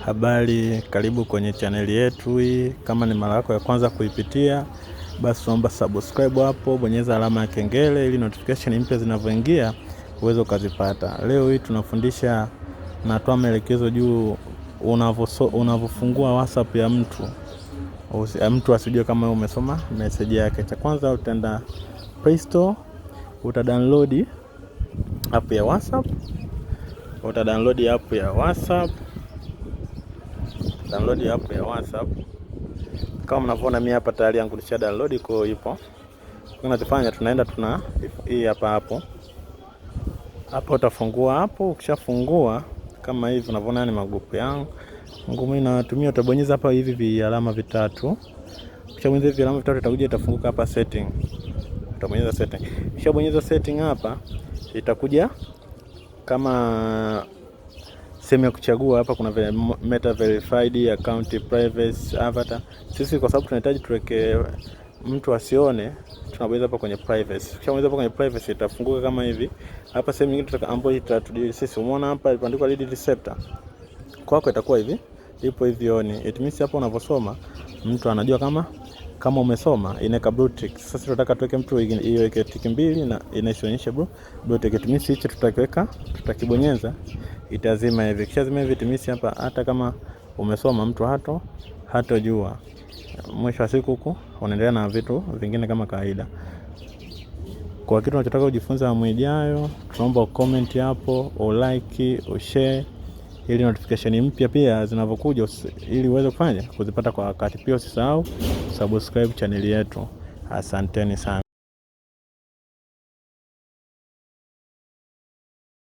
Habari, karibu kwenye chaneli yetu hii. Kama ni mara yako ya kwanza kuipitia, basi naomba subscribe hapo, bonyeza alama ya kengele ili notification mpya zinavyoingia uweze ukazipata. Leo hii tunafundisha, natoa maelekezo juu unavyofungua WhatsApp ya mtu mtu asijue kama umesoma message yake. Cha kwanza utaenda Play Store, uta download app ya WhatsApp, uta download app ya WhatsApp download app ya WhatsApp. Kama mnavyoona mimi hapa tayari yangu nisha download kwa ipo. Tunachofanya tunaenda tuna hii hapa hapo. Hapo utafungua hapo, ukishafungua kama hivi unavyoona ni magrupu yangu. Ngumu inatumia utabonyeza hapa hivi vi alama vitatu. Ukishabonyeza hivi alama vitatu itakuja itafunguka hapa setting. Utabonyeza setting. Ukishabonyeza setting hapa itakuja kama sehemu ya kuchagua hapa kuna meta verified account privacy avatar. Sisi kwa sababu tunahitaji tuweke mtu asione, tunabonyeza hapa kwenye privacy. Ukishabonyeza hapa kwenye privacy itafunguka kama hivi. Hapa sehemu nyingine tutaka ambayo itatudili sisi, umeona hapa imeandikwa lead receptor, kwako itakuwa hivi, ipo hivi oni. It means hapa unavosoma mtu anajua kama kama umesoma inaweka blue tick. Sasa tunataka tuweke mtu iweke tiki mbili na inaisionyesha blue tick. It means hicho tutakiweka, tutakibonyeza itazima hivi. zima hivi timisi hapa, hata kama umesoma mtu hato hatojua. Mwisho wa siku huku unaendelea na vitu vingine kama kawaida. Kwa kitu unachotaka kujifunza awamu tunaomba ukomenti hapo, ulike, share ili notification mpya pia zinavyokuja ili uweze kufanya kuzipata kwa wakati. Pia usisahau subscribe chaneli yetu. Asanteni sana.